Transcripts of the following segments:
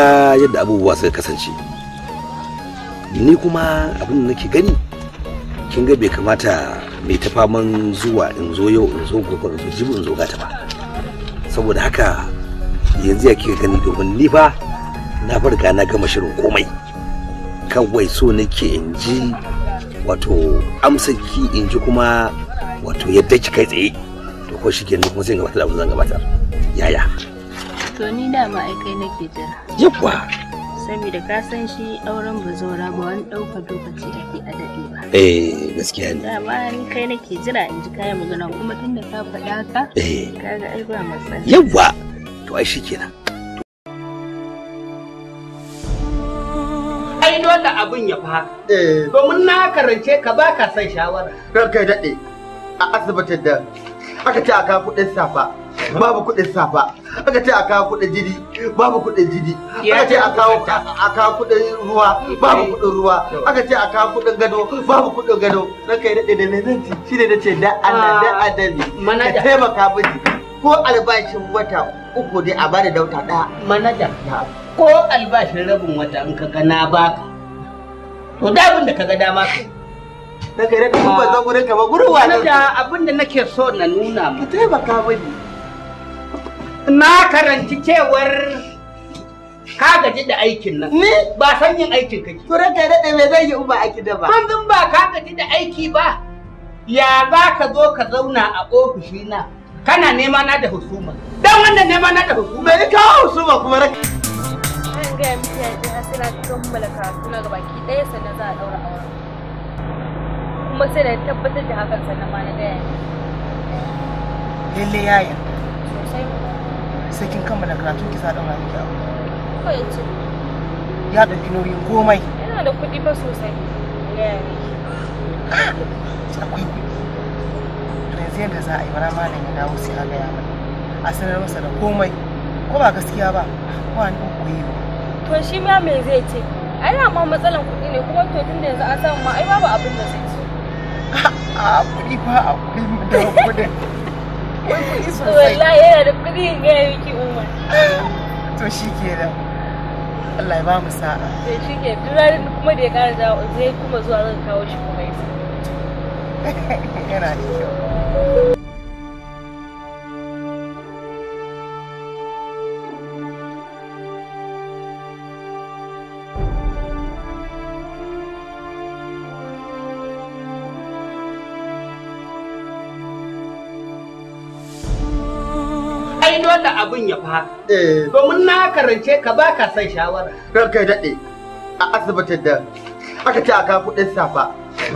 ga yadda abubuwa suka kasance ni kuma abin da nake gani kin ga bai kamata mai ta faman zuwa in zo yau in zo gobe in zo jibi in zo gata ba saboda haka yanzu ya kika gani domin ni fa na farga na gama shirin komai kawai so nake in ji wato amsaki in ji kuma wato yadda kika tsaye to ko shi kenan kuma sai gabatar da abin zan gabatar yaya to ni dama ai nake jira Yawwa! saboda ka san shi auren bazora ba wani ɗaukar lokaci ake a daɗe ba eh gaskiya ne dama ni kai nake jira in ji kayan magana kuma tun da ka faɗa haka eh ga ai ba matsala yabwa to ai shikenan ai dole abin ya fa eh. domin na karance ka ba ka san shawara kai daɗe a asibitin da aka ce a kafu ɗin safa babu kuɗin safa aka ce a kawo kuɗin jiri babu kuɗin jiri aka ce a kawo kuɗin ruwa babu eh. kuɗin ruwa aka ce a kawo kuɗin gado babu kuɗin gado dan kai daɗe da nananci shi ne ce da Allah da Adami ah. ka taimaka mini ko albashin wata uku dai a bada dauta ɗaya manaja ko albashin rabin wata in ka ga na baka to da abin da ka ga dama ka daga yadda kuma zan gurin ka ba gurin wa nan abin da nake so na nuna ma ka taimaka mini na karanci cewar ka gaji da aikin nan ni ba san yin aikin kake to da daɗe me zai yi uba a gida da ba ban ba ka gaji da aiki ba ya za ka zo ka zauna a ofishina kana nema na da husuma dan wanda nema na da husuma me ka husuma kuma ranka an ga miki yanzu har suna kammala karatu na gabaki ɗaya sannan za a ɗaura aure, kuma sai da tabbatar da hakan sannan ma na gaya lalle yaya sosai sai kin kammala karatu ki sa daura miki aure ko yace ya kino yin komai yana da kuɗi fa sosai ya akwai kuɗi to yanzu yadda za a yi bara malam ya dawo sai a gaya mana a sanar masa da komai ko ba gaskiya ba ko an ɗin koyi ba to shi ma me zai ce ai na ma matsalan kuɗi ne kuma to tun da yanzu an samu ma ai babu abin da zai ce a kuɗi ba a mu da kuɗin akwai wallahi yana da kuɗi in gaya miki umar. to shi ke da Allah ya ba mu sa'a to shi ke kuma da ya ƙara zawo zai kuma zuwa zan kawo shi kuma yana da kyau abin ya fa eh. domin na karance ka ba ka san shawara kai daɗe a asibitin da aka ce a kawo kuɗin safa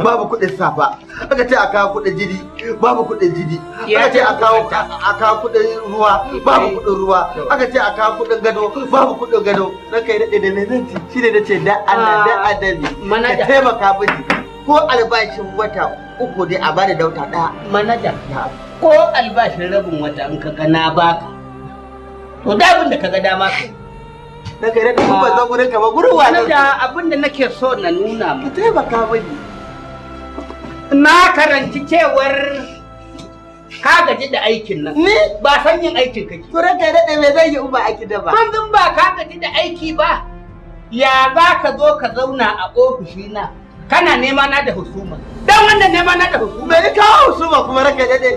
babu kuɗin safa aka ce a kawo kuɗin jini babu kuɗin jini aka ce a kawo a kuɗin ruwa babu eh. kuɗin ruwa aka ce a kawo kuɗin gado babu kuɗin gado kai daɗe da ne zan shi ne na ce da Allah da Adamu ah, ka taimaka mini ko albashin wata uku dai a bada dauta ɗaya. Manaja, ko albashin rabin wata in ka ga na baka to da abin da kaga dama ka na kai da kuma zan gurin ka ba gurin wa da abin da nake so na nuna ma ka taimaka mini na karanci cewar ka gaji da aikin nan. Ni? Ba san yin aikin kake. To da dai me zai yi uba aiki da ba. Ban ba ka gaji da aiki ba. Ya za ka zo ka zauna a na kana nema na da husuma. Dan wannan nema na da husuma. Me ka husuma kuma da dai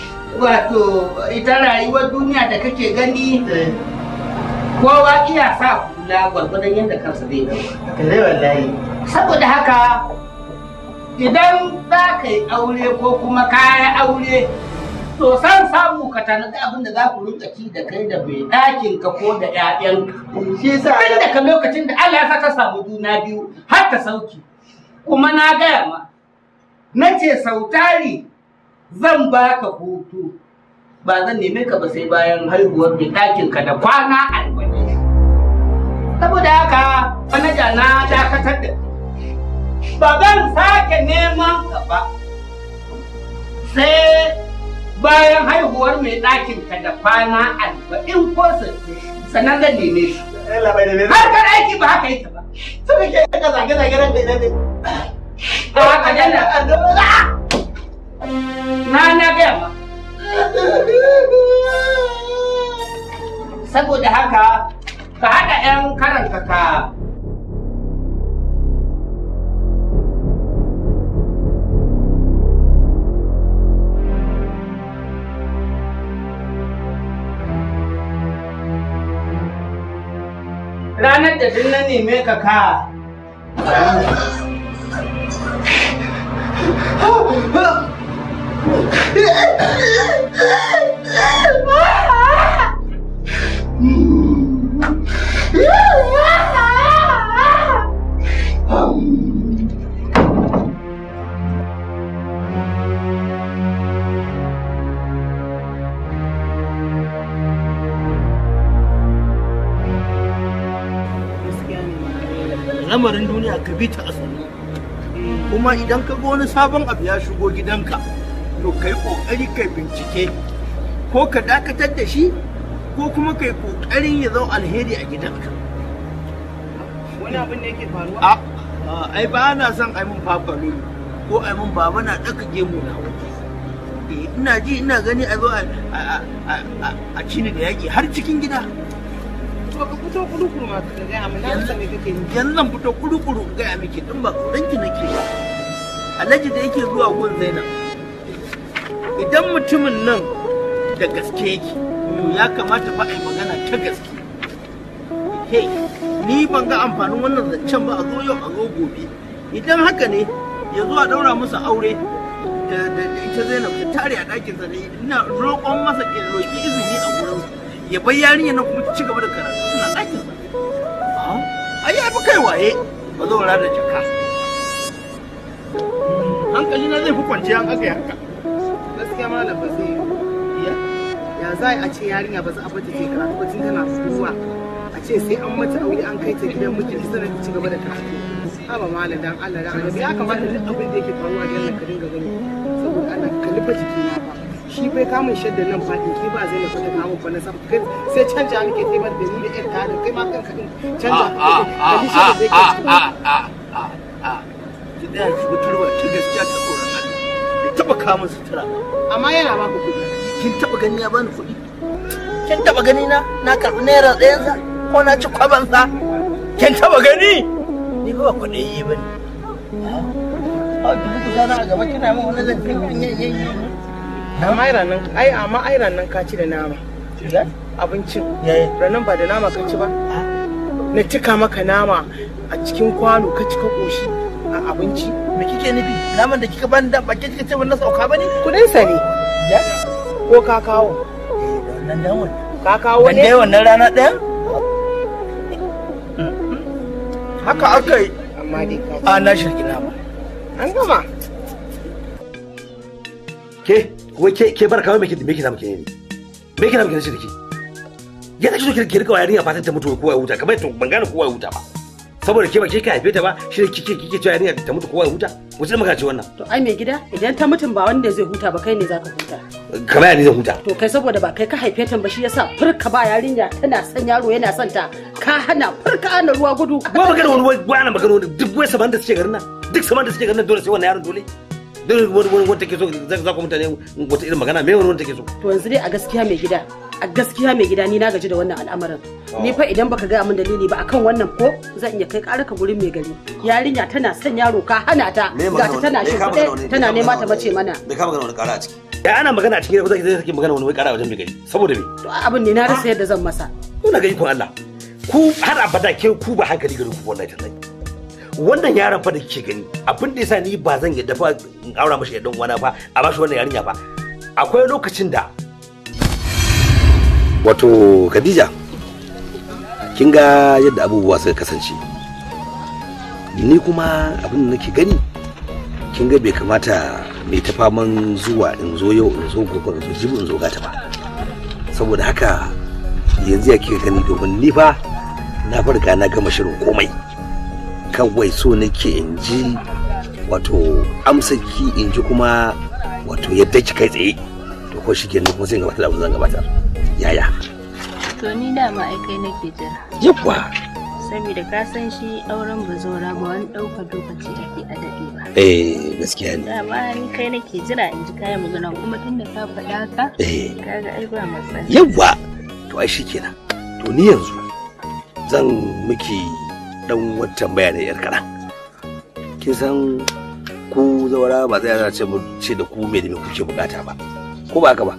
wato ita rayuwar duniya da kake gani eh. kowa iya sa kula gwargwadon yadda kansa zai dauka eh, saboda haka idan za ka yi aure ko kuma kayan aure to san samu ka tanadi abin da za ku rinka ci da kai da bai ɗakin ka ko da ƴaƴanka ka eh, ka lokacin da Allah ya ta samu juna biyu har ta sauki kuma na gaya ma na ce sautari zan baka hutu ba zan neme ka ba sai bayan haihuwar mai ɗakin ka da kwana arba'in saboda haka manaja na dakatar da ba zan sake neman ka ba sai bayan haihuwar mai ɗakin ka da kwana arba'in ko sannan zan neme shi kan aiki ba haka yake ba suka ke ka zage-zage ran da idan ne ba haka yana Na na gaya ma. Saboda haka ka haɗa 'yan karanka ka ranar da duk na neme ka ka ah! lamarin duniya ka bi ta asali kuma idan ka ga wani sabon abu ya shigo gidanka to kai kokari kai bincike ko ka dakatar da shi ko kuma kai kokarin ya zo alheri a gidanka wani abin da yake faruwa ai ba na son ai mun fafa ko ai mun baba na daka gemu na waje eh, ina ji ina gani a zo a cini da yaki har cikin gida ka fito kurukuru ma ka gaya amma na san kake yi zan fito kurukuru miki din ba ranki nake alhaji da yake zuwa gun zainab idan mutumin nan da gaske yake ya kamata fa yi magana ta gaske hey ni ban ga amfanin wannan zancen ba a zo yau a zo gobe idan haka ne ya zo a daura musu aure da ita zainab ta tare a dakin sa ina roƙon masa ke roƙi izini a gurin ya bar yarinya na kuma ci gaba da karatu suna dakin sa ai ya fi kai waye ba zo da jaka hmm, hankali na zai fi kwanciya an aka yi haka A'a, ma ba zai ya za a ce yarinya ba za a bata karatu ba tun tana zuwa a ce sai an mata aure an kai ta gidan miji sanar ci gaba da karatu haba malam dan Allah dan Allah ya kamata duk abin da yake faruwa da ka dinga gani saboda ana kalifa jiki ba shi bai kamun shaddan nan fa ki ba zai masa ta kamun bana sam kai sai canja da ni da ƴan ta da kai ma canja a a a a taba kamun sutura amma yana ba ku kuɗi kin taba gani ya bani kuɗi kin taba gani na na karɓi naira sa ko na ci kwaban sa kin taba gani ni ba kuɗi ba ne a na gaba kina min wani zancen yayyayi amma ai ranan ai amma ai ranan ka ci da nama abincin ranan ba da nama ka ci ba na cika maka nama a cikin kwano ka cika koshi a abinci me kike nufi naman da kika bani da bakin kika ce wannan sauka bane kudin sa ne ko ka kawo wannan dan wannan ka kawo ne dai wannan rana ɗayan haka aka yi amma dai ka a na shirki nama. an gama ke wai ke ke bar kawai me kike me kike namke ne me kike namke ne shirki ya take so yarinya fatan ta mutu ko ya huta kamar to ban gane ko ya huta ba saboda ke ba ke ka haife ta ba shi ne kike kike cewa yarinya ta mutu kowa ya huta wace maka ce wannan to ai mai gida idan ta mutum ba wanda zai huta ba kai ne zaka huta kamar yana zai huta to kai saboda ba kai ka haife ta ba shi yasa furka ba yarinya tana son yaro yana son ta ka hana furka ana ruwa gudu ba magana wani wani wani magana wani duk wai saman da suke garin nan duk saman da suke garin nan dole sai wannan yaron dole duk wani wani wanda ke so za ku mutane wata irin magana me wani wanda ke so to yanzu dai a gaskiya mai gida a gaskiya mai gida ni na gaji da wannan al'amarin ni fa idan baka gaya min dalili ba akan wannan ko zan iya kai ka gurin mai gari yarinya tana son yaro ka hana ta ga ta tana shi tana nema ta bace mana me ka magana wani kara a ciki ya ana magana a cikin da zai sake magana wani wai kara wajen mai gari saboda me to abin ne na rasa yadda zan masa na ga kun Allah ku har abada ke ku ba hankali garin ku wallahi tallahi wannan yaron fa da kike gani abin da yasa ni ba zan yi dafa in aura mashi dan uwana ba, a ba shi wannan yarinya ba. akwai lokacin da wato Khadija kin ga yadda abubuwa suka kasance ni kuma abin da nake gani kin ga bai kamata mai ta faman zuwa in zo yau in zo gobe in zo jibi zo gata ba saboda haka yanzu ya kika gani domin ni fa na farka na gama shirin komai kawai so nake in ji wato amsaki in ji kuma wato yadda ki kai tsaye to ko shi kenan kuma sai in gabatar da zan gabata yaya to ni da ma ai kai nake jira yabba saboda ka san shi auren bazora ba wani ɗaukar lokaci ake a daɗe ba eh gaskiya ne amma ni kai nake jira in ji kayan magana kuma tunda ka faɗa eh. ka kaga ai ba matsala yabba to ai shi kenan to ni yanzu zan miki dan wancan baya da yar kaɗan kin san ku zaura ba zai yana ce ce da ku me da me kuke bukata ba ko ba haka ba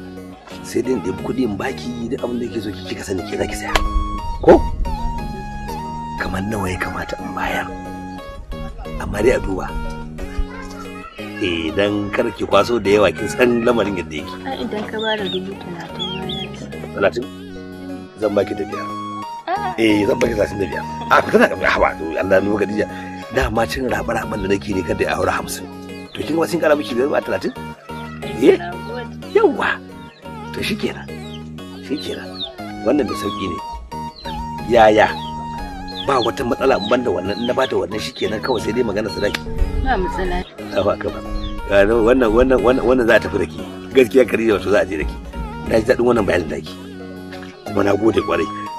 sai dai ɗin kuɗi in baki da abin da yake so kika sani ke zaki saya ko kamar nawa ya kamata in bayar amma dai a duba idan eh, kar ki kwaso da yawa kin san lamarin yadda yake idan ka bada dubu talatin talatin zan baki tafiya eh zan baki talatin da biyar a ah, ku tana kamar haba to Allah nuna Khadija dama cin raɓa-raɓan da nake ne kada ya aure hamsin to kin ga sun kara miki biyar ba talatin eh yawa to shikenan shikenan wannan da sauki ne yaya ba wata matsala in banda wannan in na bata wannan shikenan kawai sai dai magana sadaki ba matsala ba ka ba wannan wannan wannan za ta tafi da ki gaskiya da wato za a je da ki na ji daɗin wannan bayanin da ki kuma na gode kwarai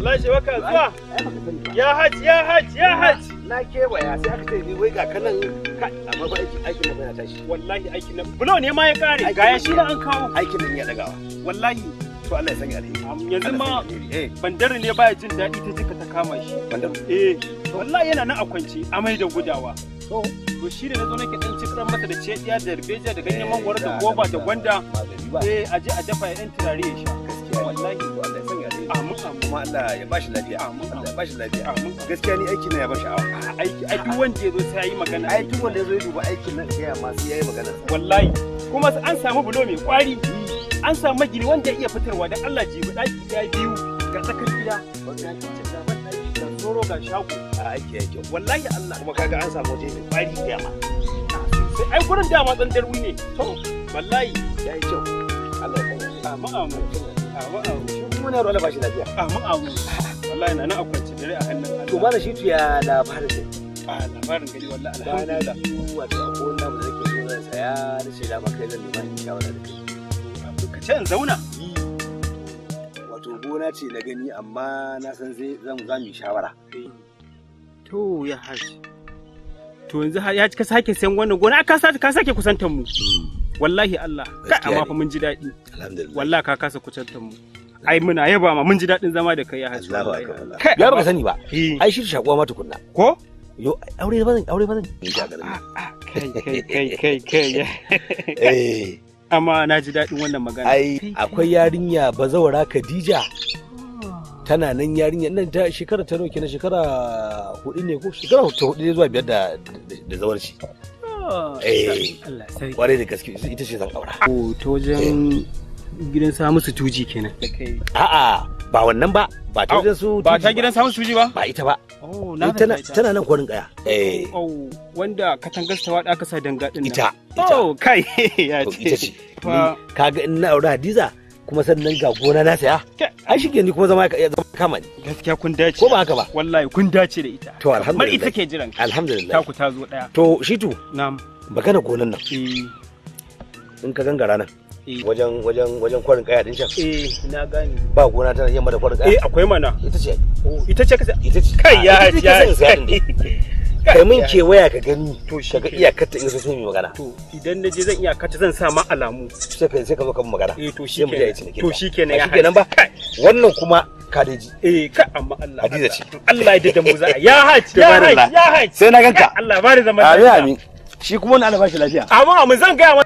Allah shi baka zuwa. Ya haji ya haji ya haji. Na sai aka ce wai ga kanan amma ba aiki tashi. Wallahi bulo ne ma ya kare ga ya shi da an kawo. nan ya dagawa. Wallahi to Allah ya sanya alheri. Yanzu ma eh. bandar ne baya jin daɗi ta jika ta kama shi. Bandar. Eh wallahi yana nan a kwance amai da gudawa. To to shi da nazo nake dan masa da cediya da rubeja da ganyen da eh, goba da gwanda. Eh aje a dafa ya dan turare ya sha. gaskiya wallahi ni aiki na ya bashi awa aiki ai duk wanda yazo sai magana ai duk wanda yazo ya duba aikin nan sai ya ma sai yayi magana wallahi kuma an samu bulo mai kwari an samu magini wanda ya iya fitarwa da Allah daki biyu ga tsakar gida wanda ce da shago a aiki yake wallahi Allah kuma kaga an samu waje mai kwari ma sai ai gurin tsandarwi ne to wallahi yayi kyau Allah ya muna rola bashi lafiya. Amin amin. Wallahi na nan a kwance dare a hannun Allah. To shi tuya labarin A labarin gari wallahi alhamdulillah. Bana biyu wato nake saya da shi dama kai zan nema in shawara da kai. Ka ce in zauna. Wato gona ce na gani amma na san zai zan za mu shawara. To ya haji. To yanzu ya ka sake sayan wannan gona ka sake kusantar mu. Hmm. wallahi Allah kai amma fa mun ji daɗi wallahi ka kasa kucantar mu ai muna yaba ma mun ji daɗin zama da kai ya haji Allahu akbar ya baka sani ba ai shi shakuwa ma tukunna ko yo aure ba zan aure ba zan ah, ah, kai kai kai kai kai eh amma na ji daɗin wannan magana ai akwai yarinya bazawara Khadija ah. tana nan yarinya nan ta shekara ta nawa na shekara hudu ne ko shekara ta hudu zuwa biyar da da zawarci eh da gaske ita ce ta wajen eh. gidan musu tuji kenan a'a ba wannan ba ba ta wajen su ba ta gidan samun tuji ba ba ita ba oh, eh, tana nan kaya eh. wanda ta aka sa danga ita oh, kai ya ce in na aure Hadiza kuma sannan ga gona na saya ai shike ni kuma zama kama ne gaskiya kun dace ko ba haka ba wallahi kun dace da ita to alhamdulillah mar ita ke jiran alhamdulillah ta ku ta zo daya to shitu na'am magana gonan nan eh in ka gangara nan eh. wajen wajen wajen kwarin kaya din can eh na gane ba gona tana yamma da kwarin kaya eh akwai mana ita ce oh, ita ce ita ce kai ya ya kai min waya ka gani to shi ka iya kata in sai mu magana to idan na je zan iya kata zan sa ma alamu sai kai sai ka zo ka magana eh to shi kenan to shi kenan ya kenan ba wannan kuma kadeji eh ka amma Allah hadiza ce Allah ya dade mu za ya haji ya haji ya haji sai na ganka Allah bari zaman amin amin shi kuma wani albashi lafiya amma mun zan ga wa.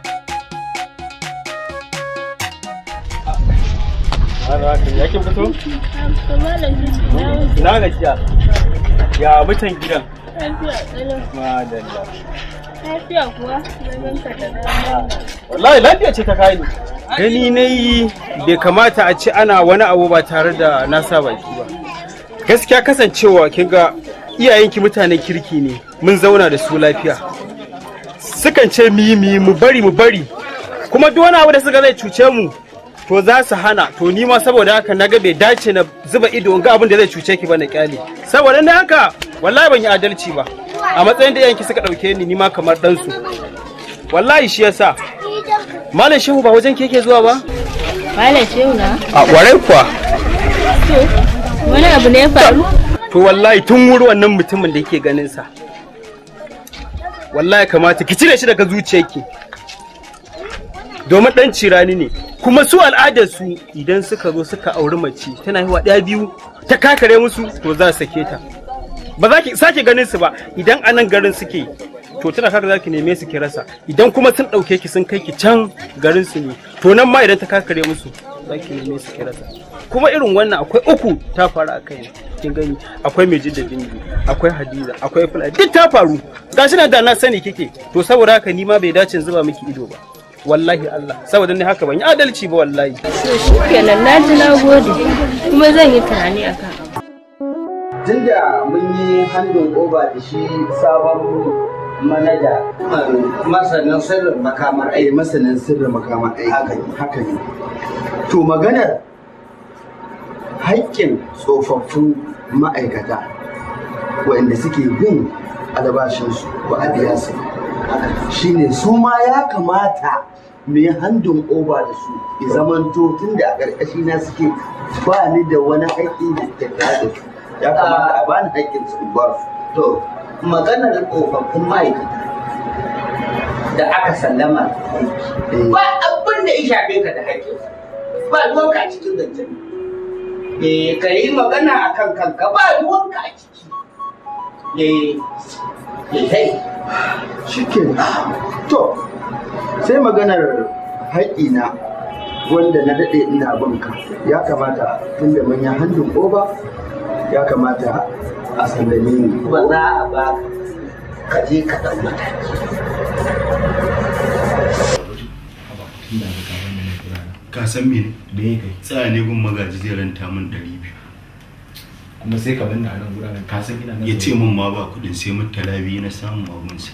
Ya mutan gidan. lafiya ce ta kayi. Gani na yi bai kamata a ci ana wani abu ba tare da nasa sa baki ba. Gaskiya kasancewa kin ga iyayenki mutanen kirki ne mun zauna da su lafiya. Sukan ce mu mu bari mu bari kuma duk wani abu da suka zai cuce mu to za su hana to ni ma saboda haka na ga bai dace na zuba ido ga abin da zai cuce ki ba na kyale saboda ne haka wallahi ban yi adalci ba a matsayin da yanki suka dauke ni ni ma kamar dan su wallahi shi yasa malam shehu ba wajen keke zuwa ba malam shehu na a kwarai kuwa to wani abu ne ya faru to wallahi tun wuri wannan mutumin da yake ganin sa wallahi kamata ki cire shi daga zuciyarki domin dan cirani ne kuma su al'adar su idan suka zo suka auri mace tana wa ɗaya biyu ta kakare musu to za su sake ta ba za ki sake ganin su ba idan a nan garin suke to tana kaka za ki neme su ki rasa idan kuma sun ɗauke ki sun kai ki can garin su ne to nan ma idan ta kakare musu za ki neme su ki rasa kuma irin wannan akwai uku ta faru a kai kin gani akwai mai jidda bindi akwai hadiza akwai fulani duk ta faru gashi na da na sani kike to saboda haka ni ma bai dace zuba miki ido ba wallahi Allah saboda ni haka ban yi adalci ba wallahi shi na ji na gode kuma zan yi tunani akan tunda mun yi handin oba da shi sabon manaja masanin sirrin makamar ai eh, masanin sirrin makamar ai haka haka ne to maganar haƙƙin tsofaffin ma'aikata waɗanda suke bin albashinsu ko a shi ne shine su ma ya kamata mu yi handin oba da su ya zama tun da a ƙarƙashi na suke ba ni da wani haƙƙi da ke da su ya kamata a bani haƙƙin su ba su to maganar tsofaffin ma'aikata da aka sallama ba abin da ya shafe ka da haƙƙin ba ruwanka a cikin zancen eh ka yi magana a kan kanka ba ruwanka a ciki ya ke to sai maganar na wanda na daɗe ina binka ya kamata tun da manya hannun ba ya kamata a sallame ni ba za a ba ka je ka ɗau mataki ka san me da ya kai tsaya ne gun magaji zai ranta min ɗari kuma sai ka banda a nan gudanar ka san ina ya ce min ma ba kuɗin sai mun talabi na samun abunsa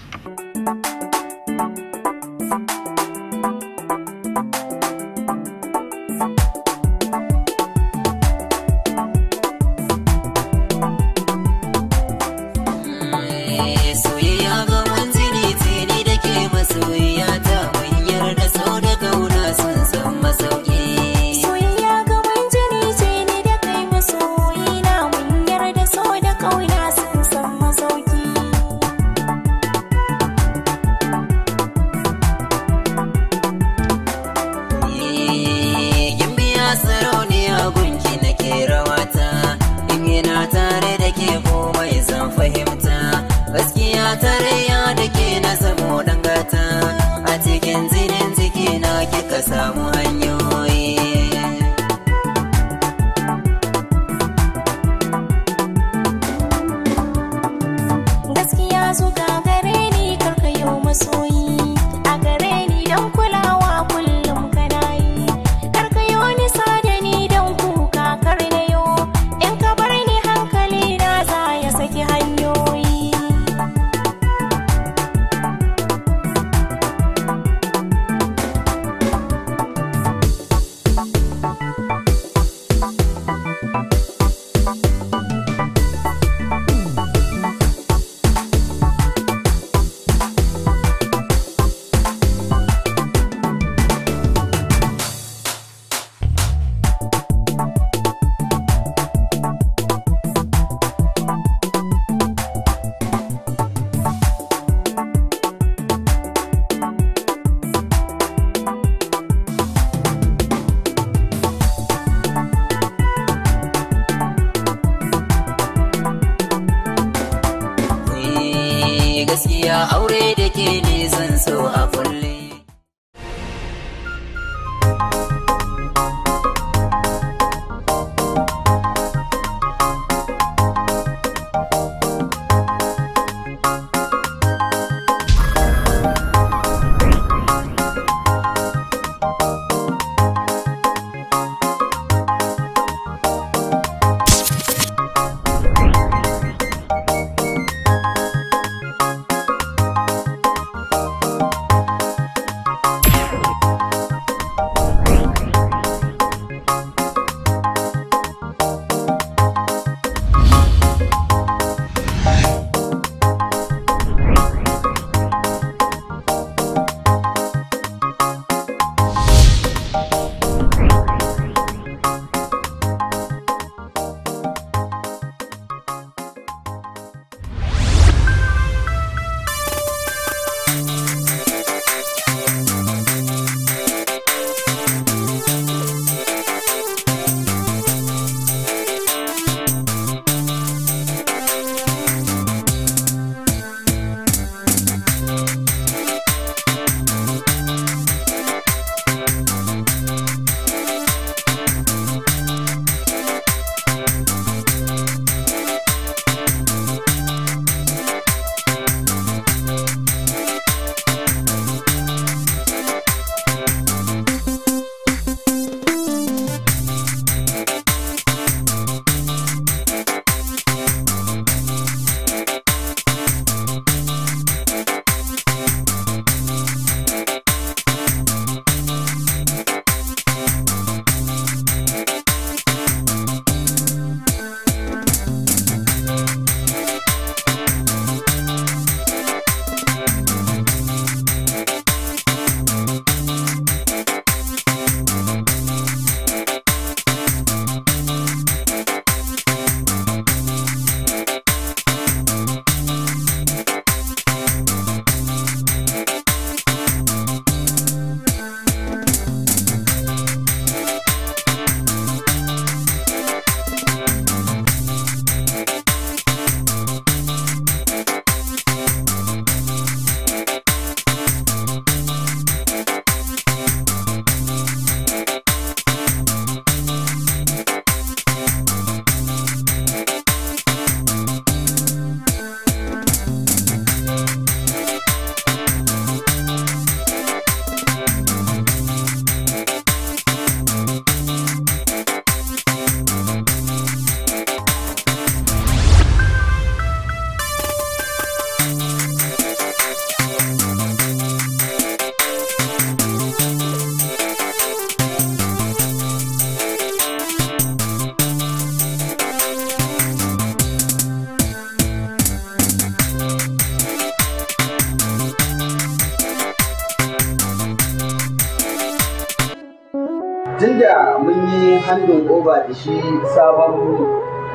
shi sabon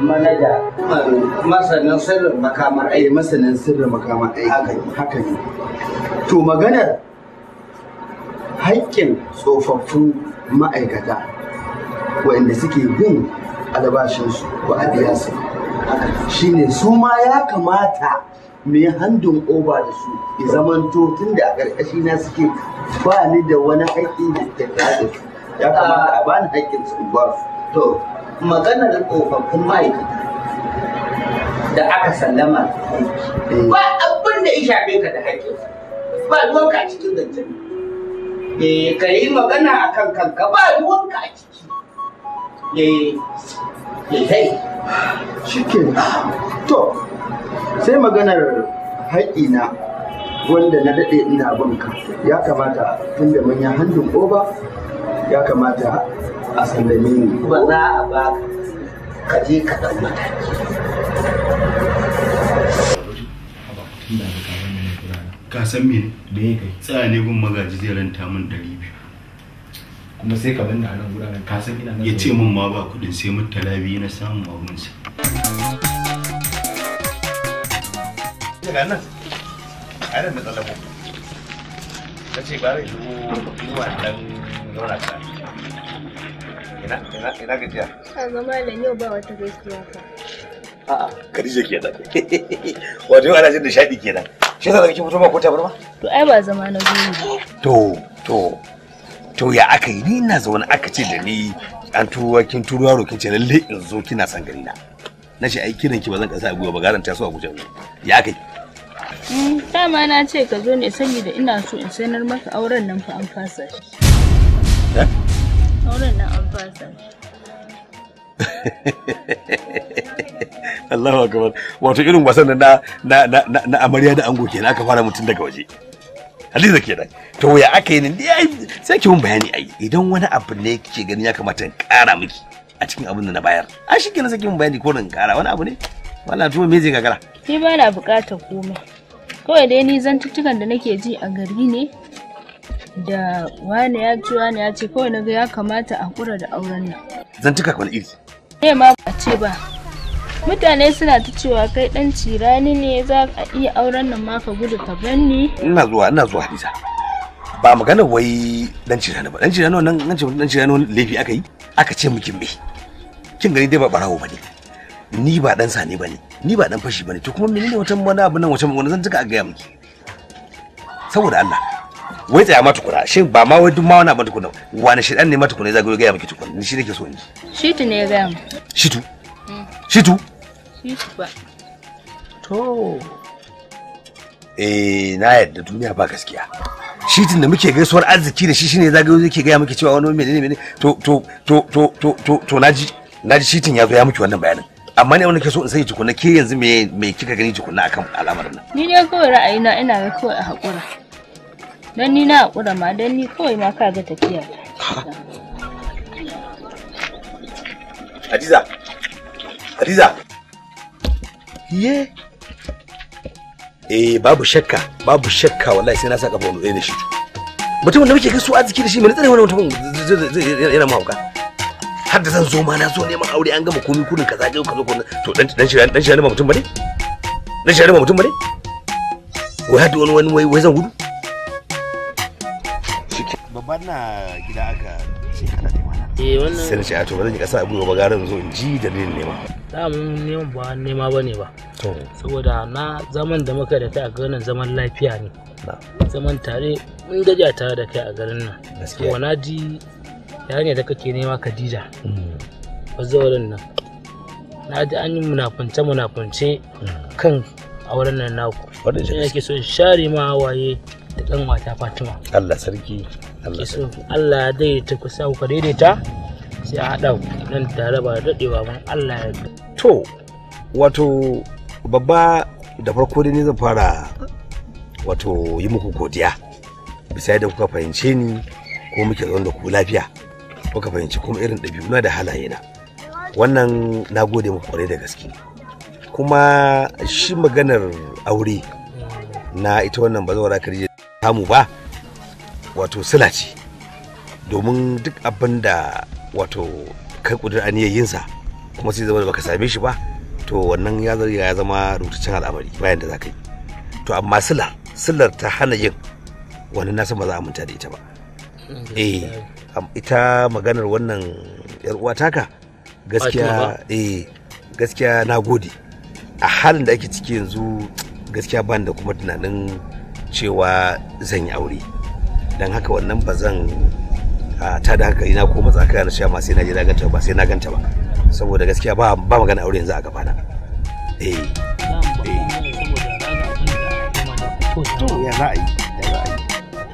manaja masanin sirrin makamar aiki masanin sirrin makamar aiki haka ne to maganar haƙƙin tsofaffin ma'aikata waɗanda suke bin albashinsu ko a shi ne su ma ya kamata mai handin oba da su ya zamanto tun da a ƙarƙashi na suke ba ni da wani haƙƙin da ta ya kamata a bani haƙƙin su ba to maganar tsofaffin ma'aikata da aka sallama ba abin da ya shafe ka da haƙƙi ba ruwanka a cikin zancen ne eh, ka yi magana a kan kanka ba ruwanka a ciki eh eh shike to sai maganar na wanda na daɗe ina ka ya kamata tun da manyan ko ba ya kamata a sallame ni ba za a ba ka je ka dan mataki ka san me me kai tsaya ne gun magaji zai ranta min ɗari kuma sai ka bin da nan guraren ka san ina ya ce min ma ba kuɗin sai mu biyu na samun abunsa daga nan a ce ba rai dubu wannan zauna ka ina ina ina gajiya ka ga malam yau ba wata gaskiya ka a'a Khadija kenan wato yau ana jin nishadi kenan shi yasa kike fito ma ko tabarma to ai ba zama na gobe to to to ya aka yi ni ina zaune aka ce da ni an turuwa kin turuwa rokin ce lalle in zo kina san gari na na ce ai kiran ki ba zan kasa a gwiwa ba garanta su a guje ya aka yi mm, dama na ce ka zo ne da ina so in sanar maka auren nan fa an fasa shi Auren Allahu akbar. Wato irin wasan na na na na amarya da ango kenan aka fara mutum daga waje. Hadiza kenan. To ya aka yi ne? Sai ki mun bayani ai. Idan wani abu ne kike ganin ya kamata in kara miki a cikin abin da na bayar. A shi kenan sai ki mun bayani ko in kara wani abu ne? Wallahi to me zai gagara? Ni ba na bukatar komai. Kawai dai ni zan tuttukan da nake ji a gari ne da wani ya ci wani ya ce kawai naga ya kamata a kura da auren nan Zan tuka wani iri ne eh ma ba ce ba mutane suna ta cewa kai dan cirani ne za ka iya auren nan ma ka gudu ka banni ina zuwa ina zuwa hadiza ba magana wai dan cirani ba dan cirani wannan an ce dan cirani wani laifi aka yi aka ce mu kimbe. kin gani dai ba barawo bane ni ba dan sane bane ni ba dan fashi bane to kuma menene wata wani abu nan wata wani tuka a gaya miki saboda Allah wai tsaya ma tukuna shin ba ma wai duk ma wani abin tukuna wani shidan ne ma tukuna ya zagayo gaya miki tukuna ni shi nake so ni shitu ne ya gaya mu shitu mm. shitu shitu ba to eh na yadda duniya ba gaskiya shitin da muke gaisuwar arziki da shi shine zagayo yake gaya miki cewa wani menene menene to to to to to to to naji naji shitin ya zo ya miki wannan bayanin amma ne wanda ke so in sani tukuna ke yanzu me me kika gani tukuna akan al'amarin nan ni ne kawai ra'ayina ina ga kawai a hakura don ni na haƙura ma don ni kawai ma ka ga tafiya Hadiza Hadiza ye eh babu shakka babu shakka wallahi sai na sa kafa wani da shi mutumin da muke gaisu arziki da shi mai tsare wani mutumin yana mahauka har da zan zo ma na zo neman aure an gama komi kurin kaza kai ka zo kurin to dan dan shi dan shi ne mutum bane dan shi ne mutum bane wai hadu wani wani wai zan gudu ban na gida aka ce kana nema eh wannan sai na ce a to ba zan yi kasa abu ba garin zo in ji dalilin nema da mun neman ba nema bane ba to saboda na zaman da muka da kai a garin zaman lafiya ne zaman tare mun gaja tare da kai a garin nan gaskiya na ji yarinya da kake nema Khadija bazawarin mm. nan na ji an yi munafunce munafunce mm. kan a auren nan naku wanda yake so in share ma waye da dan wata Fatima Allah sarki iso Allah ya daidaita ku da ku daidaita sai a haɗa nan tare ba daɗewa mun Allah ya to wato babba da farko dai ne zan fara wato yi muku godiya bisa da kuka fahimce ni ko muke zaune da ku lafiya kuka fahimci kuma irin ɗabi'una da halaye na wannan na gode muku kwarai da gaske kuma shi maganar aure na ita wannan ba zaura karje samu ba wato sila ce domin duk abin da wato kai kudur aniyar yinsa kuma sai zama da baka same shi ba to wannan ya ya zama rubutaccen al'amari bayan da za ka yi to amma sila silar ta hana yin wani na ba za a aminta da ita ba eh ita maganar wannan yar uwa taka gaskiya eh gaskiya na gode a halin da ake ciki yanzu gaskiya ban da kuma tunanin cewa zan yi aure don haka wannan ba zan ta da haka ina ko matsa kai na sha ma sai na je na ganta ba sai na ganta ba saboda gaskiya ba ba magana aure yanzu a gaba eh. eh. na eh eh to ya za a ya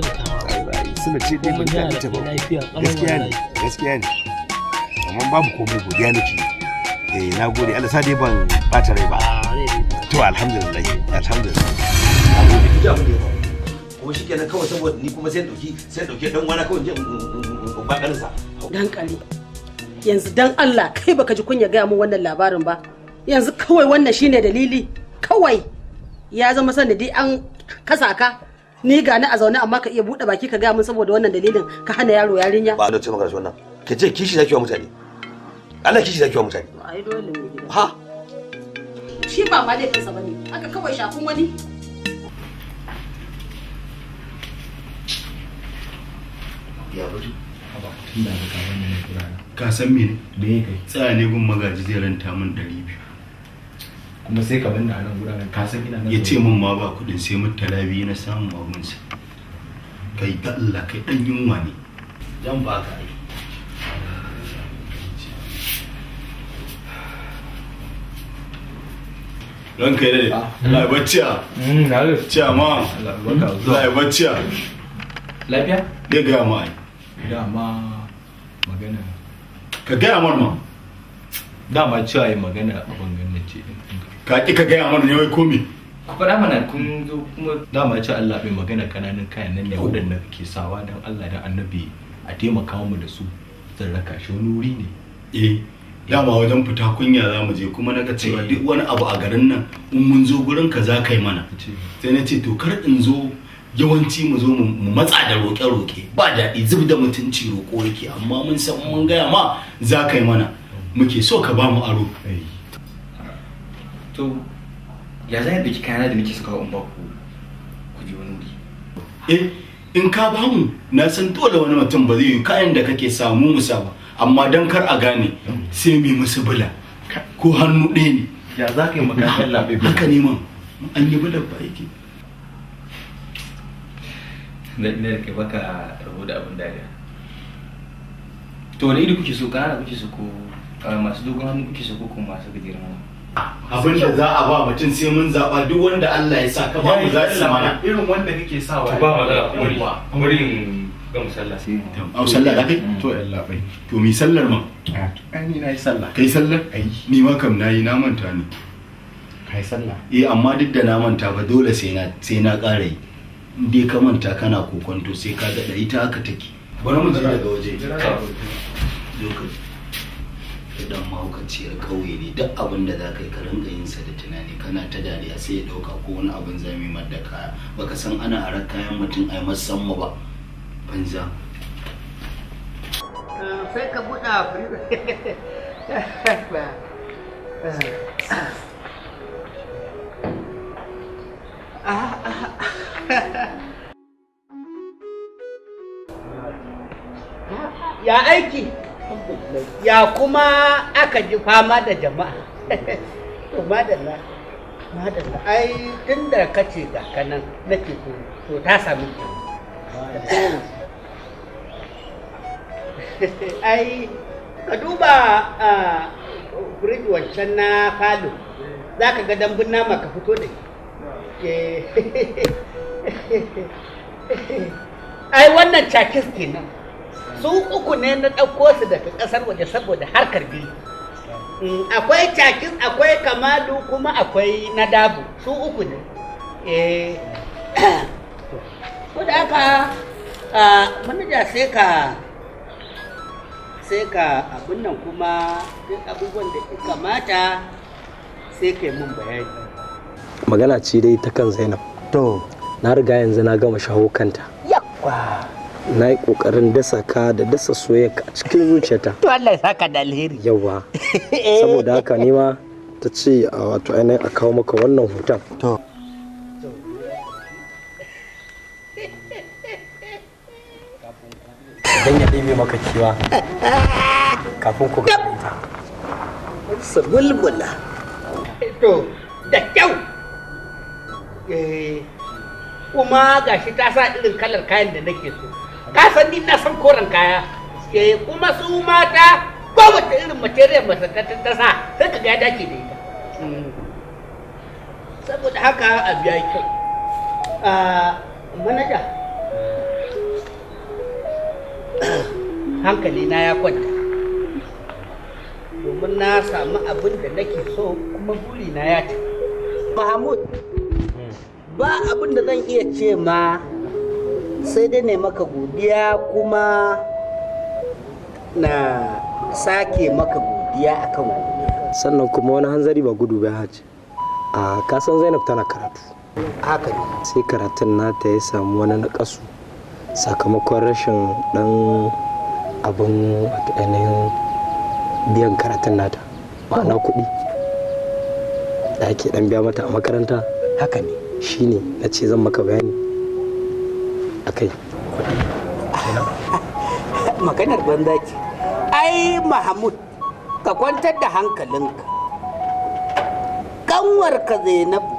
za a yi suna ce dai ban ta ta ba gaskiya ne gaskiya ne amma babu komai godiya nake eh na gode Allah sa dai ban bata rai ba to alhamdulillah alhamdulillah ko kenan kawai saboda ni kuma sai dauki sai dauki dan wani kawai je in bakarin sa dan kare yanzu dan Allah kai baka ji kunya gaya mu wannan labarin ba yanzu kawai wannan shine dalili kawai ya zama dai an kasa ka ni ga ni a zaune amma ka iya bude baki ka gaya mun saboda wannan dalilin ka hana yaro yarinya ba da ce maka wannan ke je kishi zaki wa mutane Allah kishi zaki wa mutane ai dole ne ha shi ba ma dai kansa bane haka kawai shafin wani ya bari tun da ka ne magaji zai ranta min 200 kuma sai ka a nan ka san ina ya ce min ma ba kudin sai talabi na samun magunsa kai ta Allah kai dan yunwa ne zan ba ka ai yi dai ah. mm, bacciya lafiya? ya gaya ma dama magana ka gaya mana ma dama cewa yi magana a bangan nan ce ka ki ka gaya mana ne wai komi ku faɗa mana kun zo kuma dama ce Allah bai magana kananan kayan nan ne waɗanda ke sawa don Allah da annabi a taimaka mu da su zan raka shi wani wuri ne eh dama wajen fita kunya za mu je kuma na cewa eh. duk wani abu a garin nan in mun zo gurin ka za ka yi mana sai na ce to kar in zo yawanci mu zo mu matsa da roƙe-roƙe ba daɗi zub da mutunci roƙo yake amma mun san mun gaya ma za ka yi mana muke so ka ba mu aro to ya za biki kayana da nake suka in ba ku ku je wani wuri eh in ka ba mu na san dole wani mutum ba zai yi kayan da kake samu sa ba amma dan kar a gane sai mu musu bula ko hannu ɗaya ne ya za ka yi makarar labai haka ne an yi bula ba yake lalle ke baka rabo da abin dariya to da iri kuke so ƙanana kuke so ko eh, masu dogon hannu kuke so ko kuma masu gajeren hannu abin da za a ba mutum sai mun zaba duk wanda Allah ya sa ka ba mu za su mana irin wanda nake sa wa ba ma za kuri kurin ga musalla sai au sallah da kai mm. to Allah bai to mi sallar ma ah. ai ni nayi sallah kai sallar ai ni ma kam nayi na manta ne kai sallah eh amma duk da na manta ba dole sai na sai na ƙara yi dai ka manta kana kokonto sai ka daɗa ita aka take bari mu je daga waje dan mahaukaciyar kauye ne duk abin da za ka yi ka ringa yin sa da tunani kana ta dariya sai ya dauka ko wani abin zami mai da kaya baka san ana arar kayan mutum ai musamman ba banza eh, sai ka buɗa ya aiki ya kuma aka ji fama da jama'a to madalla madalla ai tun da ka ce da kanan nake ko, to ta sami ke ai ka duba a ah, wancan na falo za ka ga dambun nama ka fito da shi ke ai wannan cakis kenan su uku ne na ɗauko su daga ƙasar waje saboda harkar biyu mm, akwai cakis akwai kamalu kuma akwai nadabu su uku ne eh da haka manaja sai ka sai ka abin nan kuma duk abubuwan da kamata sai ke mun bayani magana ce dai ta kan zainab to na riga yanzu na gama shaho kanta yawa na yi kokarin dasa ka da dasa soyayya a cikin zuciyarta to Allah ya saka da alheri yawa saboda haka ni ma ta ce a wato ainihin a kawo maka wannan hoton to dan ya ɗebe maka kiwa kafin ku ga ita. Sabulbula. To, da kyau. Eh, kuma ga shi ta sa irin kalar kayan da nake so ka san ni na san koren kaya eh, kuma su mata wata irin material mata ta sa sai ka ga dace da ita hmm. saboda haka a biya kyau ah, manaja hankali na ya kwanta domin na samu abin da nake so kuma burina na ya ci mahmud ba abin da zan iya ce ma sai dai ne maka godiya kuma na sake maka godiya akan sannan kuma wani hanzari ba gudu bai hajji a kasan zainab tana karatu haka ne sai karatun nata ya samu wani nakasu sakamakon rashin dan abin ainihin biyan karatun nata ma'ana kuɗi da ake dan biya mata a makaranta haka ne shine na ce zan maka bayani a kai maganar banza ce ai mahamud ka kwantar da hankalinka kanwarka zainabu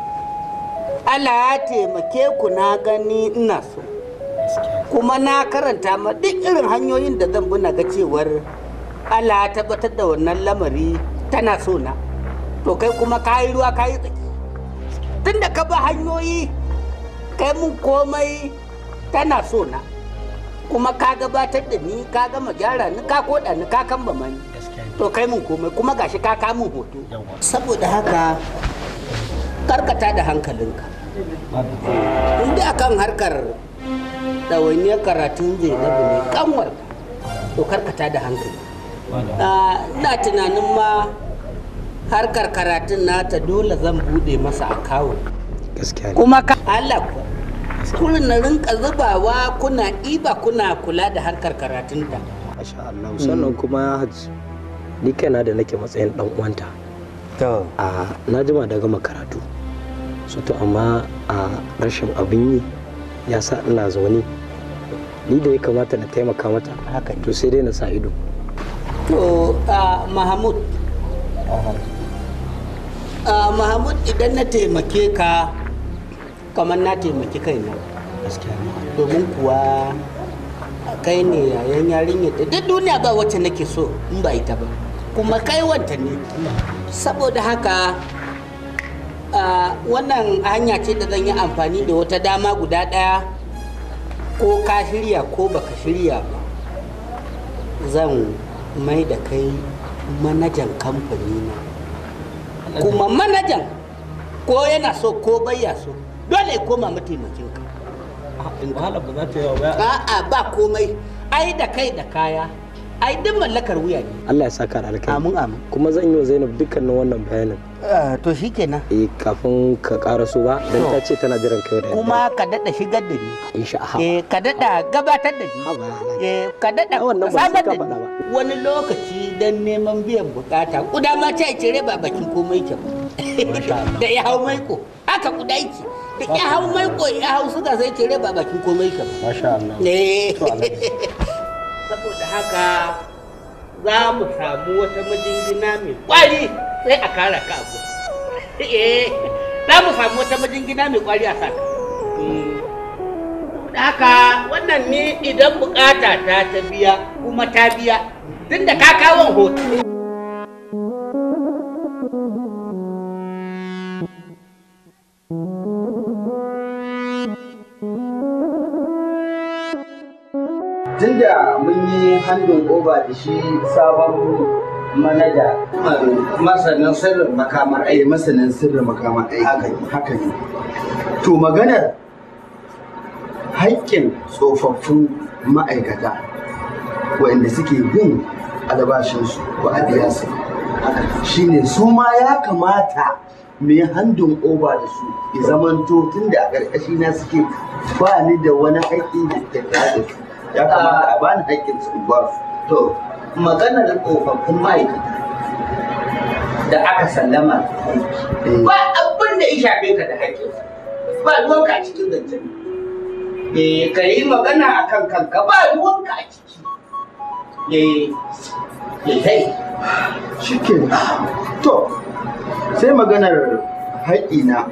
Allah ya taimake ku na gani ina so kuma na karanta ma duk irin hanyoyin da zan buna ga cewar Allah ya tabbatar da wannan lamari tana so na to kai kuma kayi ruwa kayi tsaki tun da ka bi hanyoyi kai mun komai tana so na kuma ka gabatar da ni ka gama gyara ni ka koda ni ka kamba mani to kai mun komai kuma gashi ka kamun hoto saboda haka karkata da hankalinka inda akan harkar ɗawainiyar karatun zai dabu ne kanwar to karkata da hankali ah, na tunanin ma harkar karatun nata dole zan bude masa akawun kuma ka Allah kurin na rinka zubawa kuna iba kuna kula da harkar karatun ta. Allah sannan kuma ni kaina da nake matsayin dan uwanta to a na jima da gama karatu So to amma a rashin abin yi ya sa ina zaune ni da ya kamata na taimaka mata haka to sai dai na sa ido to mahmud Ah, mahmud idan na taimake ka kamar na taimaki kaina domin kuwa kai ne yayan yarinyar da duk duniya ba wacce nake so in ba ita ba kuma kai wanta ne saboda haka ah, wannan hanya ce da zan yi amfani da wata dama guda ɗaya ko ka shirya ko baka shirya ba zan mai da kai manajan kamfani na kuma manajan ko yana so ko baya so dole koma mataimakin ka ah, a'a ba komai ai da kai da kaya ai duk mallakar wuya ne Allah ya saka alkai amin amin kuma zan yi wa Zainab dukkanin wannan bayanin eh, to shikenan eh kafin ka karaso ba dan ta ce tana jiran kai da kuma ka dada shigar da ni insha Allah eh ka dada gabatar da ni eh ka dada sabar da ni wani lokaci dan neman biyan bukata kuda ma ta cire ba bakin komai ke da ya hau maiko aka kuda yake da ya hau maiko ya hau suka sai cire ba bakin komai ke masha Allah eh saboda haka za mu samu wata majingina mai kwari sai a kara ka abu eh za mu samu wata majingina mai kwari a saka da haka wannan ni idan bukata ta ta biya kuma ta biya tunda ka kawo hoto tun da mun yi handin oba da shi sabon manaja masanin sirrin makamar aiki eh, masanin sirrin makamar aiki haka ne to maganar haƙƙin tsofaffin ma'aikata waɗanda suke bin albashinsu ko a biya Shi shine su ma ya kamata mai handun oba da su ya zamanto tun da a ƙarƙashina suke ba ni da wani haƙƙi da ta da su ya kamata a bani haƙƙin su to maganar tsofaffin ma'aikata da aka sallama eh. ba abin da ya shafe ka da haƙƙin ba ruwanka a cikin zancen eh ka yi magana a kan kanka ba ruwanka a ciki eh eh shi ke to sai maganar haƙƙina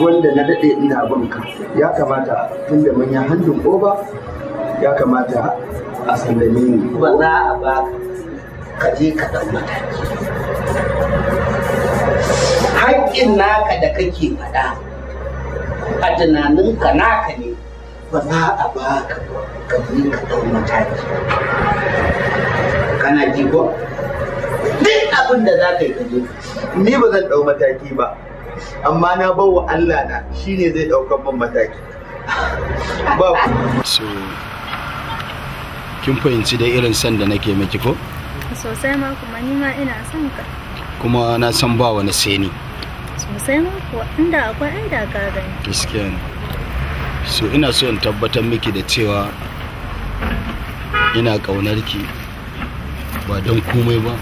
wanda na daɗe ina ka ya kamata tun da mun yi ko ba ya kamata a sallame ni Ba za a ba ka je ka ɗan mataki haƙƙin naka da kake faɗa a tunaninka naka ne ba za a ba ka ka je ka ɗan mataki kana ji ko duk abin da za ka yi ka je ni ba zan ɗau mataki ba amma na bawa Allah na shine zai ɗaukar ban mataki ba so kin fahimci da irin son da nake miki ko sosai ma kuma ni ma ina son ka kuma na san ba wani ni sosai ma ko inda akwai inda ka gani gaskiya ne so ina so in tabbatar miki da cewa ina kaunar ki ba don komai ba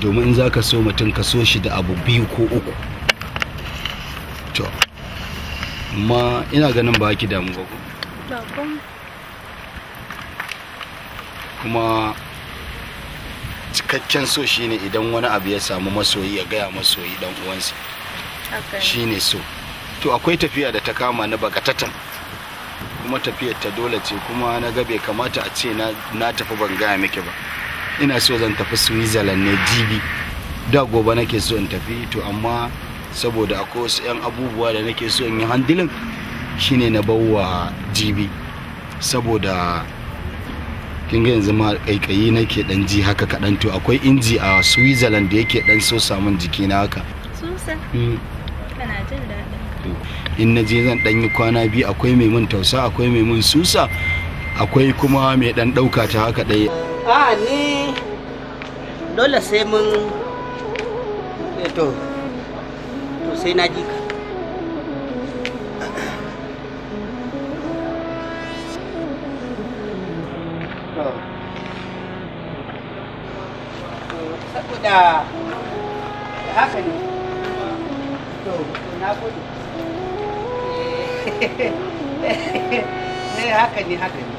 domin in za ka so mutum ka so shi da abu biyu ko uku to amma ina ganin ba ki damu ba ko kuma cikakken so shine idan wani abu ya samu masoyi ya gaya masoyi dan uwansa shine so to akwai tafiya da ta kama na bakatatan kuma tafiyar ta dole ce kuma na ga bai kamata a ce na tafi ban gaya miki ba ina so zan tafi switzerland ne dibi da gobe nake so in tafi to amma saboda akwai wasu 'yan abubuwa da nake so in yi handilin shine na bawa jibi saboda kin ga yanzu ma kaikayi nake dan ji haka kaɗan to akwai inji a switzerland da yake dan so samun jiki na haka mm. in na je zan dan yi kwana biyu akwai mai mun tausa akwai mai mun susa akwai kuma mai dan ɗauka ta haka ɗaya a ni dole sai mun eh to sai na ji ka 你还得。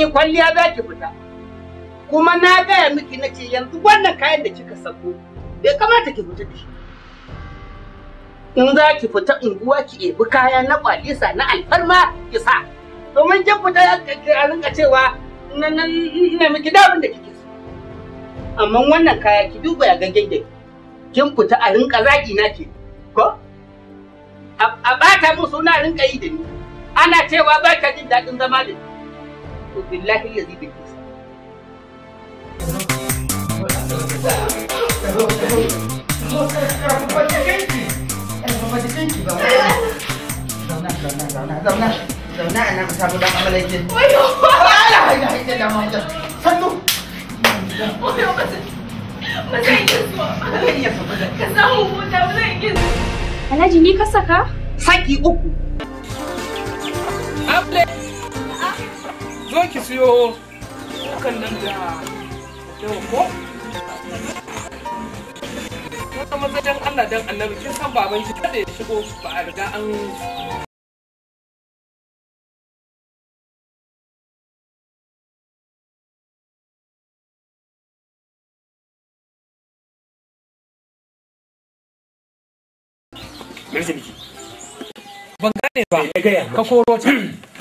yi kwalliya za ki fita kuma na gaya miki na ce yanzu wannan kayan da kika sako bai kamata ki fita da shi in za ki fita unguwa ki ebi kaya na kwalisa na alfarma ki sa domin kin fita a rinka cewa na miki abin da kike so amma wannan kaya ki duba ya gangan da kin fita a rinka zagi na ke ko a bata musu na rinka yi da ni ana cewa ba ka jin daɗin zama da ni بالله الذي بك Alhaji ni ka saka? Saki uku. Able. zo ki siyo akan nan da yau ko wata maza Allah dan annabi kin san baban shi kada ya shigo ba a riga an Ban gane ba, eh, ka koro ta.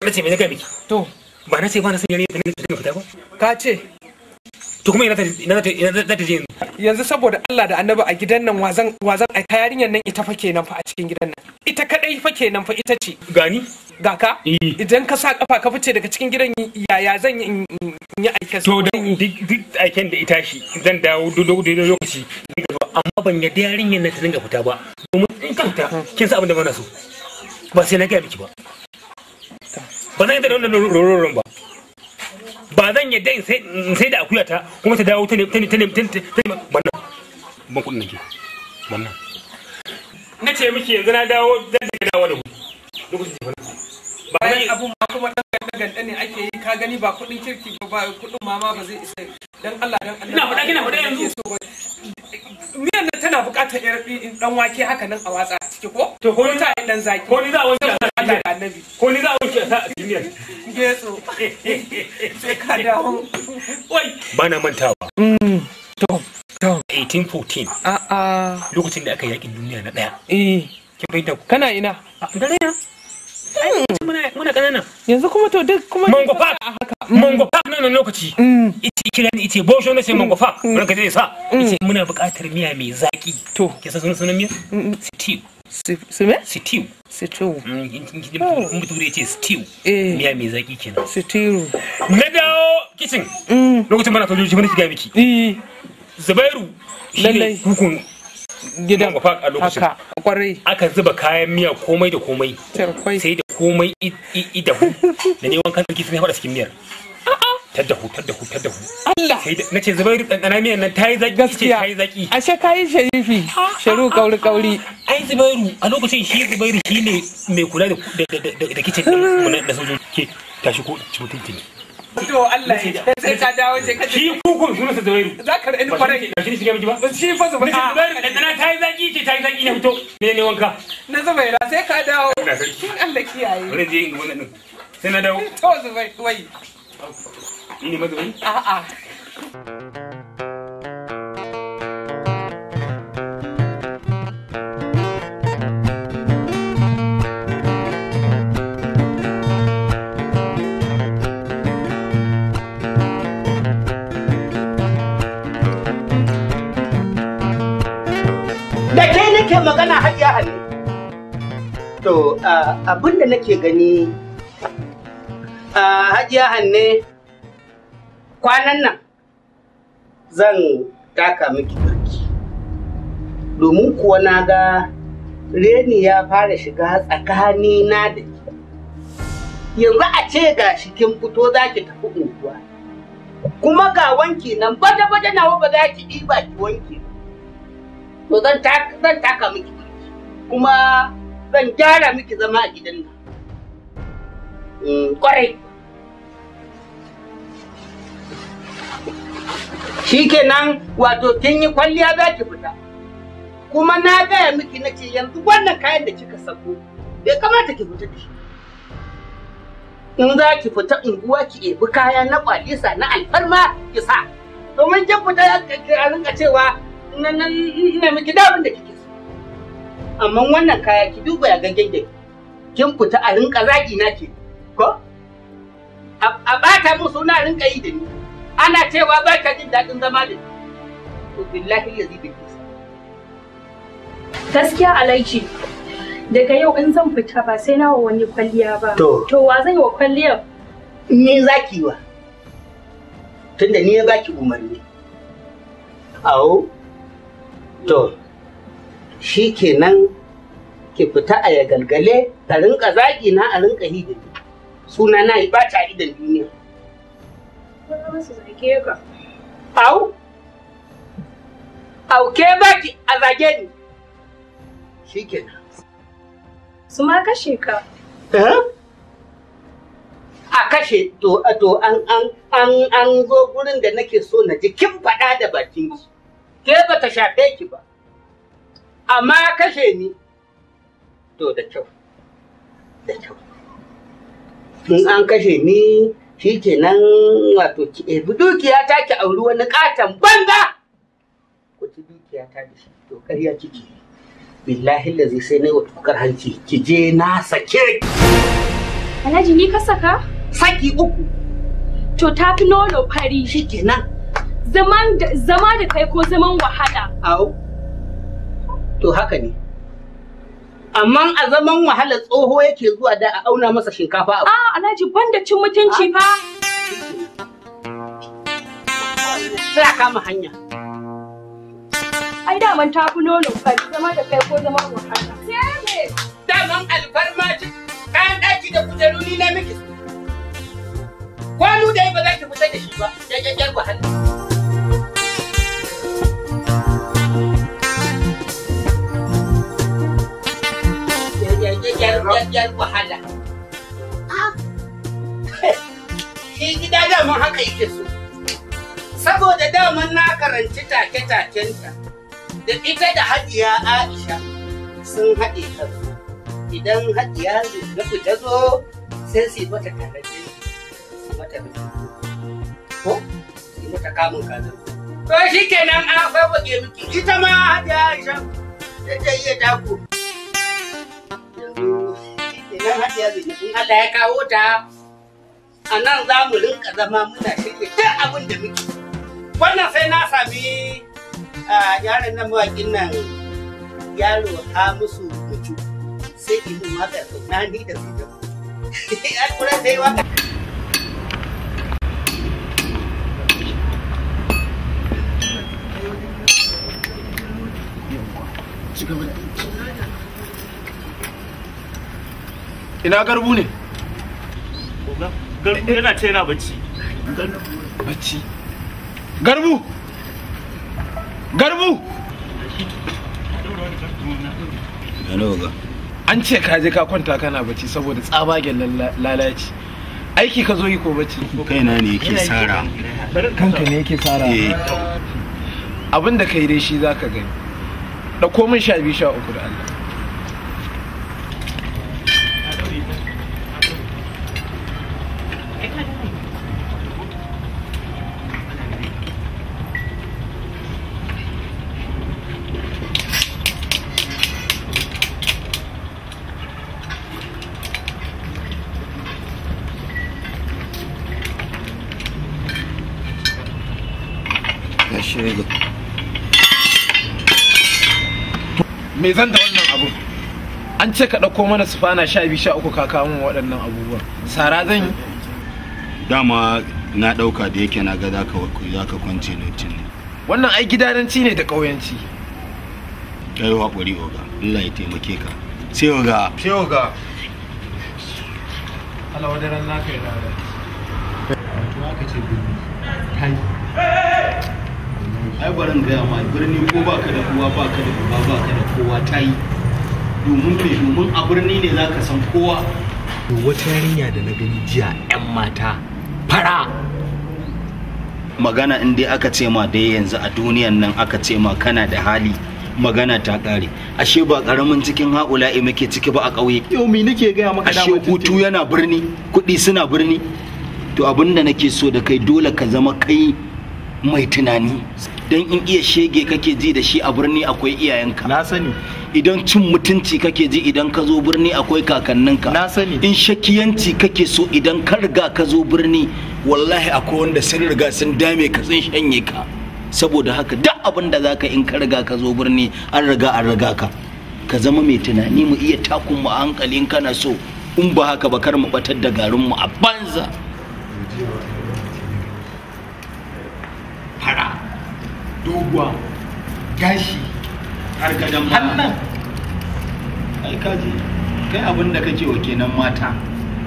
na ce me na gaya miki to ba na ce ba na san yare da ne ta fita ba ka ce to kuma ina ta ta je yanzu Yanzu saboda Allah da Annabi a gidan nan wazan wazan A yarinyar nan ita fa kenan fa a cikin gidan nan ita kadai fa kenan fa ita ce gani ga ka eh. idan ka sa kafa ka fice daga cikin gidan yaya zan yi in yi aiken to dan duk aikin da ita shi zan dawo dodo da lokaci amma ban yadda yarinyar nan ta dinga fita ba domin in ka fita kin san abin da ba na so ba sai na gaya miki ba ba zan yi da wannan roron ba ba zan yadda in sai da akuya ta kuma ta dawo ta ne ta ne ta ne ta ne wannan ban kudin nake wannan na ce miki yanzu na dawo zan dawo da ku lokacin jifa bayan abun ma kuma dan ganda ne ake yi ka gani ba kuɗin kirki ba ba kuɗin mama ba zai isa dan Allah dan Allah ina faɗa ina miyan nan tana buƙatar dan wake a watsa ciki ko to ko ta yi dan zaki ko za a wanke a Allah da a wanke bana mantawa mm, to to 1814 ah, ah. lokacin da aka yakin duniya na ɗaya. eh kin bayyana kana ina muna ƙananan yanzu kuma to duk kuma mango park mango park nan nan lokaci mm. ice kira ni ice bosho na sai mango park mm. ranka zai sa mm. ice muna buƙatar miya mai zaki to ke san sunan sunan miya stew su stew stew oh. in bature ce stew eh. miya mai kenan stew na dawo kitchen lokacin bana sojoji bana shiga miki eh. zubairu Lallai. hukun gidan haka kwarai aka zuba kayan miya komai da komai sai da komai idahu da ne wankan tsarki sun haɗa cikin miyar Ta ta taddahu ta taddahu Allah na ce zubairu ɗanɗana miyan nan ta yi zaki gaskiya ta yi zaki a ce ka yi sharifi sharu kauri kauri ai zubairu a lokacin shi zubairu shi ne mai kula da kicin da sojoji ke tashi ko ci mutuncin to Allah ya sai ka dawo sai ka shi sa za ka rani ba shi shiga miki ba shi fa zubairu zubairu dan ta yi zaki ce ta yi zaki ne fito ne ne wanka na zubaira sai ka dawo Allah kiyaye bari je in sai na dawo to zubairu wai ni ne ake magana hajiya hali. to abin da nake gani hajiya hanne kwanan nan zan taka miki turki domin kuwa na ga reni ya fara shiga tsakani na da yanzu a ce ga shi kin fito za ki tafi unguwa kuma ga wanki nan bada bada nawa ba za ki ɗiba ki wanki ba to zan zan taka miki kuma zan gyara miki zama a gidan nan mm, kwarai shikenan wato kin yi kwalliya za ki fita kuma na gaya miki na ce yanzu wannan kayan da kika sako bai kamata ki fita da shi in za ki fita unguwa ki ebi kaya na kwalisa na alfarma ki sa domin kin fita a rinka cewa na miki dabin da kike so amma wannan kaya ki duba ya gangen da kin fita a rinka zagi na ke ko a bata mu suna rinka yi da ni ana cewa ba ta jin daɗin zama da ni to billahi ya zibe gaskiya alaici daga yau in zan fita ba sai na wa wani kwalliya ba to wa zai wa kwalliyar ni zaki wa tunda ni ya baki umarni awo to shi kenan ki fita a ya galgale a rinka zaƙi na a rinka hidimi suna na yi bata idan duniya au au ke baki a zage ni shi kenan su ma kashe ka eh? a kashe to to an an an an zo gurin da nake so na ji kin faɗa da bakin ki ke ba ta shafe ki ba amma kashe ni to da kyau da kyau in an kashe ni shi kenan wato ki ebi dukiya ta ki auri wani katon banza ku ci dukiya ta da shi to ƙarya kike billahi lazi sai na wa tukar hanci ki je na sake Alhaji ni ka saka? Saki uku. To ta fi nono fari. Shi kenan. zama da kai ko zaman wahala au to haka ne amma a zaman wahala tsoho yake zuwa da a auna masa shinkafa a ah, alhaji banda cin mutunci fa sai a kama hanya ai daman ta fi nono kai zama da kai ko zaman wahala sai me daman alfarma ce kayan daki da kujeru na miki kwanu dai ba za ki fita da shi ba ya kyakkyar wahala Yar Shi gida daman haka yake so. Saboda daman na karanci take-takenta da ita da hajiya Aisha sun haɗe kansu. Idan hajiya zai ta zo sai su yi mata tare da su mata Ko? Su yi mata kamun kazan. To shi kenan a babbage miki ita ma hajiya Aisha da ta iya tako. Idan hajiya zai Allah ya kawo ta a nan za mu rinka zama muna shirya duk abin da muke. Wannan sai na sami yaron nan mawaƙin nan yaro ha musu mutu sai ilu ma ga na ni da su da. An kura sai waka. ina garbu ne garbu yana ce yana bacci bacci garbu garbu an ce ka je ka kwanta kana bacci saboda tsabagen lalaci aiki ka zo yi ko bacci kaina ne yake sara kanka ne yake sara eh. abin da kai dai shi zaka gani ɗauko komai sha biyu sha uku da Allah me zan da wannan abu? an ce ka ɗauko mana sufana sha biyu sha uku ka kawo min waɗannan abubuwan sara zan yi dama na ɗauka da yake na ga za ka kwance ne wannan ai gidananci ne da ƙauyanci kai haƙuri oga Allah ya taimake ka sai oga sai oga Allah wadaran naka ya dawo to aka ce ta ai barin gaya ma birni ko baka da uwa baka da uba baka da kowa ta yi domin me domin a birni ne zaka san kowa wata yarinya da na gani jiya yan mata fara magana in dai aka ce ma dai yanzu a duniyan nan aka ce ma kana da hali magana ta ƙare ashe ba ƙaramin cikin haula'i muke ciki ba a ƙauye yau me nake gaya maka ashe hutu yana birni kuɗi suna birni to abinda nake so da kai dole ka zama kai mai tunani don in iya shege kake ji da shi a birni akwai iyayenka na sani idan cin mutunci kake ji idan ka zo birni akwai kakanninka na sani in shakiyanci kake so idan ka riga ka zo birni wallahi akwai wanda sun riga sun dame ka sun shanye ka saboda haka duk abin da zaka in ka riga ka zo birni an riga an riga ka ka zama mai tunani mu iya takun mu a hankali in kana so in ba haka ba kar mu batar da garin mu a banza doguwa gashi har ga Hannun. nan ai kaji kai abin da kake wa kenan mata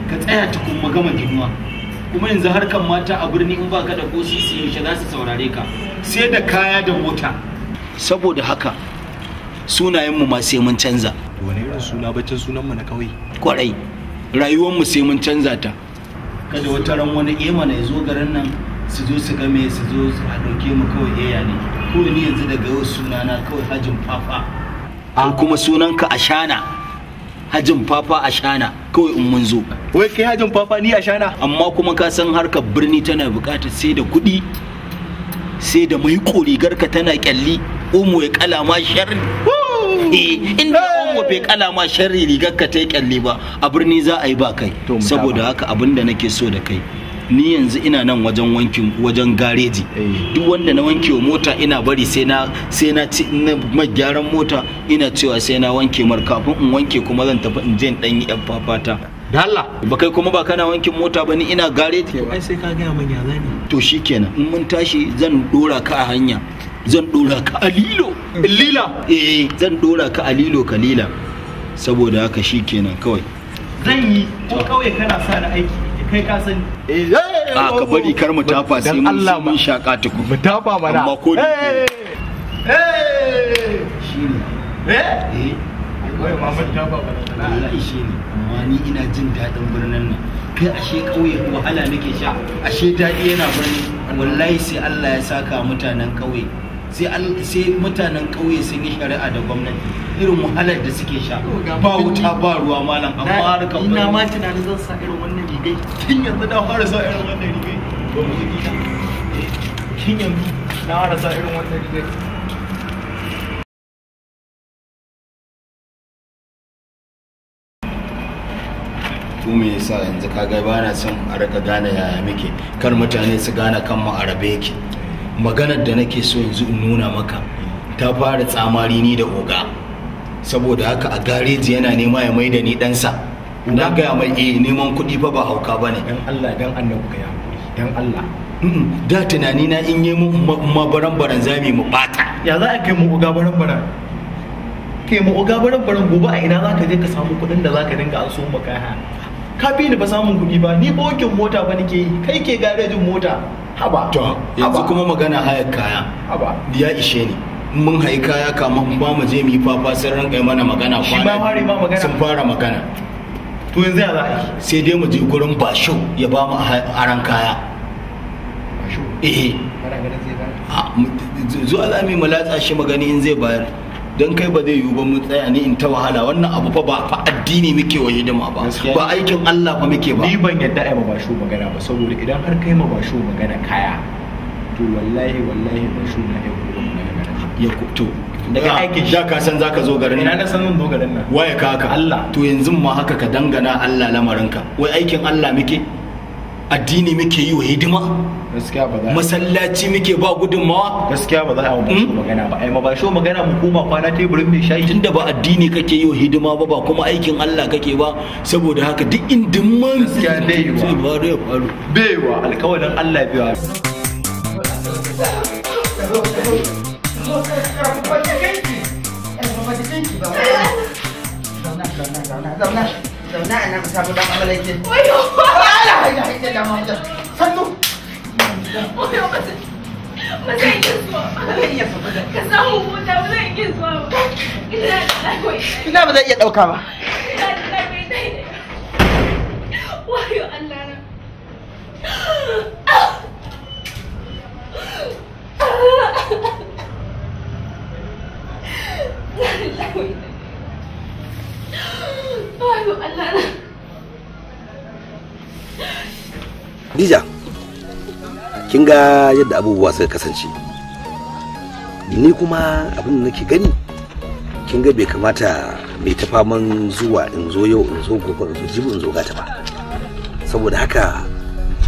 ka tsaya tukun magama ginuwa kuma yanzu harkan mata a birni in baka da ko sisi yaushe za su saurare ka sai da kaya da mota saboda haka sunayen mu ma sai mun canza wani irin suna bacin sunan mu na kawai kwarai rayuwar mu sai mun canza ta kada wata ran wani emana eh, ya zo garin nan su zo su game su zo a ɗauke mu kawai yaya eh, ne ko ni yanzu daga yau sunana kawai hajin fafa an kuma sunanka ashana hajin fafa ashana kawai in mun zo wai kai hajin fafa ni ashana amma kuma ka san harkar birni tana buƙatar sai da kuɗi sai da mai garka tana kyalli umu ya kala ma sharri eh, inda umu bai kala ma sharri rigarka ta yi kyalli ba a birni za a yi ba kai saboda haka abin da nake so da kai ni yanzu ina nan wajen wankin wajen gareji eh. duk wanda na wanke wa mota ina bari sai na sai na ci na gyaran mota ina cewa sai na wanke mar kafin in wanke kuma zan tafi in je in dan yi yan fafata Allah ba kai kuma ba kana wankin mota ba ni ina gareji ai sai ka ga manya zani to shikenan in mun tashi zan dora ka a hanya zan dora ka a lilo lila eh zan dora ka a lilo kalila saboda haka shikenan kawai zan yi ko kawai kana sa na aiki kai ka sani eh, eh, eh, a ah, ka kar mu tafa sai mun Allah mun shaka amma ko da eh eh wai amma ni ina jin daɗin birnin nan kai ashe ƙauye wahala nake sha ashe daɗi yana birni wallahi ya saka mutanen ƙauye sai mutanen ƙauye sun yi shari'a da gwamnati irin wahalar da suke sha ba wuta ba ruwa malam amma har kan ina ma tunanin zan sa irin wannan rigai kin yanzu na fara sa irin wannan rigai ba mu ji tun yanzu na fara sa irin wannan rigai to me yasa yanzu ga ba na son a rika gane yaya muke kar mutane su gane kan mu arabe yake maganar da nake so yanzu in nuna maka ta fara tsamari ni da oga saboda haka a gareji yana nema ya mai da ni ɗansa na gaya mai eh neman kuɗi fa ba hauka ba ne dan Allah dan annabi gaya dan Allah da tunani na in yi mu mabaran baran za mu bata ya za a kai mu uga baran baran kai mu uga baran baran gobe a ina ka je ka samu kuɗin da za ka dinga an so maka ka bi ni ba samun kuɗi ba ni bokin mota ba nake yi kai ke garejin mota haba to yanzu kuma magana hayar kaya haba ya ishe ni mun haika kaya kama ba mu je mu yi fafa sun ranka mana magana kwana sun fara magana to yanzu ya za sai dai mu je gurin basho ya ba mu aran kaya eh zuwa lami mu latsa shi magani in zai bayar don kai ba zai yiwu ba mu tsaya ni in ta wahala wannan abu fa ba fa addini muke wa hidima ba ba aikin Allah fa muke ba ni ban yadda ai ma basho magana ba saboda idan har kai ma basho magana kaya to wallahi wallahi basho na yau ya kuto daga aikin da ka san zaka zo garin ina na san zan zo garin nan waye ka haka Allah to yanzu ma haka ka dangana Allah lamarinka wai aikin Allah muke addini muke yi wa hidima gaskiya ba za masallaci muke ba gudunmawa gaskiya ba za a yi hmm? magana ba ai ma ba shi magana mu koma kwana teburin mai shayi tunda ba addini kake yi wa hidima ba ba kuma aikin Allah kake ba saboda haka duk indin man gaskiya bai yi wa bai yi wa alƙawarin Allah bai wa zauna zauna a nan samu dan amalai ke wayo ala haida haida da mamda sannu wayo ba zai iya zuwa ba zai iya zuwa ka samu mota ba zai iya zuwa ba ina ba zai iya dauka ba wayo Allah na Thank you. Dija, kin ga yadda abubuwa suka kasance. Ni kuma abin da nake gani, kin ga bai kamata mai ta faman zuwa in zo yau in zo gobe in zo jibi in zo gata ba. Saboda haka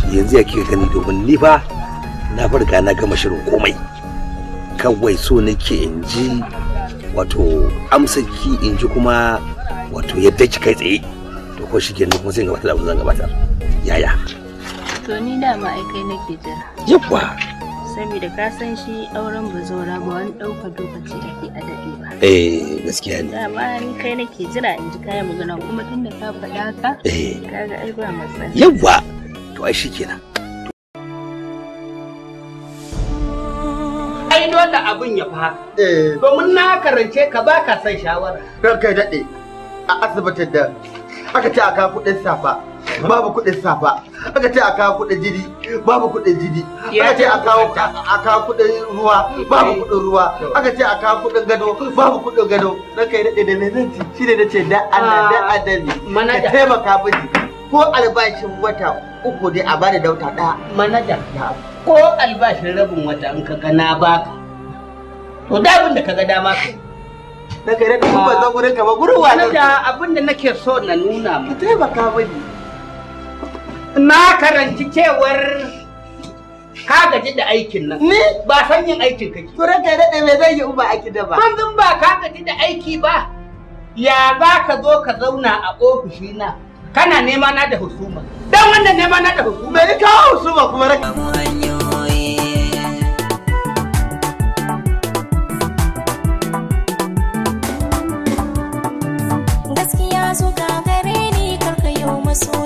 yanzu ya kika gani domin ni fa na farka na gama shirin komai. Kawai so nake in ji wato amsaki in ji kuma wato yadda ki kai tsaye to ko shi kenan kuma sai gabatar abin zan gabatar yaya to ni da ma ai kai nake jira Yauwa! saboda ka san shi auren bazora ba wani dauka lokaci da ke adadi ba eh gaskiya ne dama ni kai nake jira in ji kayan magana kuma tunda ka faɗa eh. ka eh kaga ai ba matsala Yauwa! to ai shi kenan ai dole abin ya fa eh. domin na karance ka ba ka san shawara daɗe a asibitin da aka ce a kawo kuɗin safa babu kuɗin safa aka ce a kawo kuɗin jini babu kuɗin jini aka ce a kawo a ruwa babu kuɗin ruwa aka ce a kawo kuɗin gado babu kuɗin gado dan kai daɗe da ne zan shi ne nace da Allah da adali ah, ka taimaka mini ko albashin wata uku dai a bada da wata ɗaya manaja ko albashin rabin wata in ka ga baka to da abin da ka ga dama kai na gare ka ba ah. zan gurin ka ba gurin wa nan da abin da nake so na nuna ma ka taimaka ba mini na karanci cewar ka gaji da aikin nan ni ba san yin aikin kake to ranka da me zai yi uba aiki da ba ban ba ka gaji da aiki ba ya za ka zo ka zauna a ofishina kana nema na da husuma dan wannan nema na da husuma me ka husuma kuma ranka so ka gare ni karka yau maso